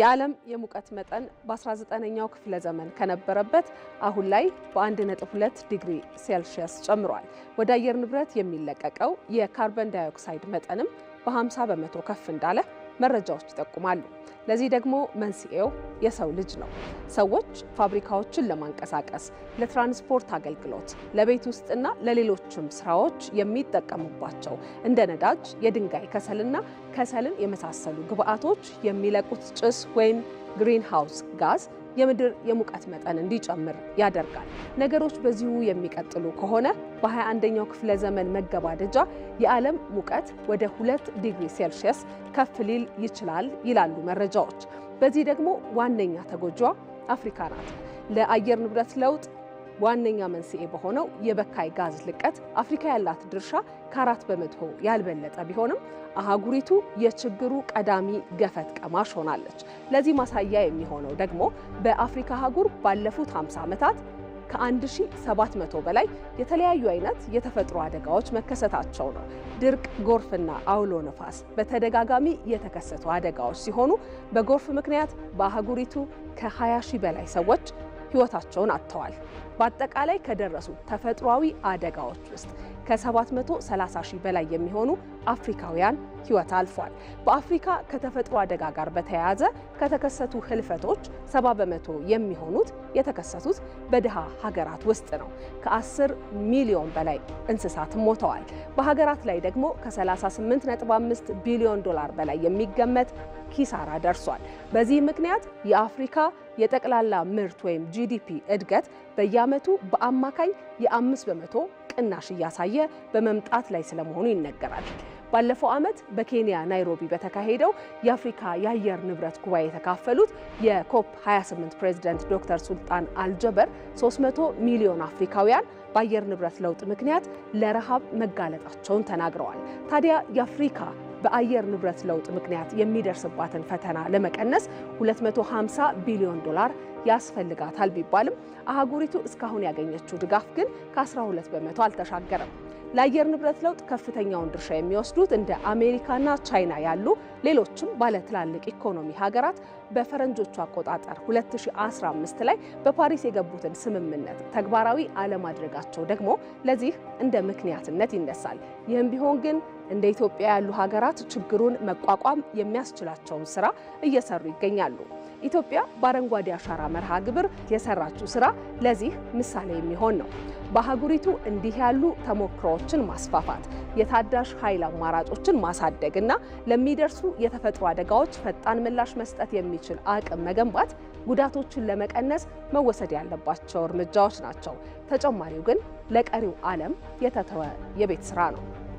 የዓለም የሙቀት መጠን በ19ኛው ክፍለ ዘመን ከነበረበት አሁን ላይ በ1.2 ዲግሪ ሴልሺየስ ጨምሯል። ወደ አየር ንብረት የሚለቀቀው የካርበን ዳይኦክሳይድ መጠንም በ50 በመቶ ከፍ እንዳለ መረጃዎች ይጠቁማሉ። ለዚህ ደግሞ መንስኤው የሰው ልጅ ነው። ሰዎች ፋብሪካዎችን ለማንቀሳቀስ፣ ለትራንስፖርት አገልግሎት፣ ለቤት ውስጥና ለሌሎችም ስራዎች የሚጠቀሙባቸው እንደ ነዳጅ፣ የድንጋይ ከሰልና ከሰልን የመሳሰሉ ግብአቶች የሚለቁት ጭስ ወይም ግሪንሃውስ ጋዝ የምድር የሙቀት መጠን እንዲጨምር ያደርጋል። ነገሮች በዚሁ የሚቀጥሉ ከሆነ በ21ኛው ክፍለ ዘመን መገባደጃ የዓለም ሙቀት ወደ 2 ዲግሪ ሴልሺየስ ከፍ ሊል ይችላል ይላሉ መረጃዎች። በዚህ ደግሞ ዋነኛ ተጎጇ አፍሪካ ናት። ለአየር ንብረት ለውጥ ዋነኛ መንስኤ በሆነው የበካይ ጋዝ ልቀት አፍሪካ ያላት ድርሻ ከአራት በመቶ ያልበለጠ ቢሆንም አህጉሪቱ የችግሩ ቀዳሚ ገፈት ቀማሽ ሆናለች። ለዚህ ማሳያ የሚሆነው ደግሞ በአፍሪካ አህጉር ባለፉት 50 ዓመታት ከ1700 በላይ የተለያዩ አይነት የተፈጥሮ አደጋዎች መከሰታቸው ነው። ድርቅ፣ ጎርፍና አውሎ ነፋስ በተደጋጋሚ የተከሰቱ አደጋዎች ሲሆኑ በጎርፍ ምክንያት በአህጉሪቱ ከ20 ሺህ በላይ ሰዎች ህይወታቸውን አጥተዋል። በአጠቃላይ ከደረሱ ተፈጥሯዊ አደጋዎች ውስጥ ከ730 ሺህ በላይ የሚሆኑ አፍሪካውያን ህይወት አልፏል። በአፍሪካ ከተፈጥሮ አደጋ ጋር በተያያዘ ከተከሰቱ ህልፈቶች 70 በመቶ የሚሆኑት የተከሰቱት በድሃ ሀገራት ውስጥ ነው። ከ10 ሚሊዮን በላይ እንስሳት ሞተዋል። በሀገራት ላይ ደግሞ ከ38.5 ቢሊዮን ዶላር በላይ የሚገመት ኪሳራ ደርሷል። በዚህ ምክንያት የአፍሪካ የጠቅላላ ምርት ወይም ጂዲፒ እድገት በየዓመቱ በአማካይ የአምስት በመቶ ቅናሽ እያሳየ በመምጣት ላይ ስለመሆኑ ይነገራል። ባለፈው ዓመት በኬንያ ናይሮቢ በተካሄደው የአፍሪካ የአየር ንብረት ጉባኤ የተካፈሉት የኮፕ 28 ፕሬዝዳንት ዶክተር ሱልጣን አልጀበር 300 ሚሊዮን አፍሪካውያን በአየር ንብረት ለውጥ ምክንያት ለረሃብ መጋለጣቸውን ተናግረዋል። ታዲያ የአፍሪካ በአየር ንብረት ለውጥ ምክንያት የሚደርስባትን ፈተና ለመቀነስ 250 ቢሊዮን ዶላር ያስፈልጋታል ቢባልም አህጉሪቱ እስካሁን ያገኘችው ድጋፍ ግን ከ12 በመቶ አልተሻገረም። ለአየር ንብረት ለውጥ ከፍተኛውን ድርሻ የሚወስዱት እንደ አሜሪካና ቻይና ያሉ ሌሎችም ባለትላልቅ ኢኮኖሚ ሀገራት በፈረንጆቹ አቆጣጠር 2015 ላይ በፓሪስ የገቡትን ስምምነት ተግባራዊ አለማድረጋቸው ደግሞ ለዚህ እንደ ምክንያትነት ይነሳል። ይህም ቢሆን ግን እንደ ኢትዮጵያ ያሉ ሀገራት ችግሩን መቋቋም የሚያስችላቸውን ስራ እየሰሩ ይገኛሉ። ኢትዮጵያ በአረንጓዴ አሻራ መርሃ ግብር የሰራችው ስራ ለዚህ ምሳሌ የሚሆን ነው። በአህጉሪቱ እንዲህ ያሉ ተሞክሮዎችን ማስፋፋት፣ የታዳሽ ኃይል አማራጮችን ማሳደግ እና ለሚደርሱ የተፈጥሮ አደጋዎች ፈጣን ምላሽ መስጠት የሚችል አቅም መገንባት ጉዳቶችን ለመቀነስ መወሰድ ያለባቸው እርምጃዎች ናቸው። ተጨማሪው ግን ለቀሪው ዓለም የተተወ የቤት ስራ ነው።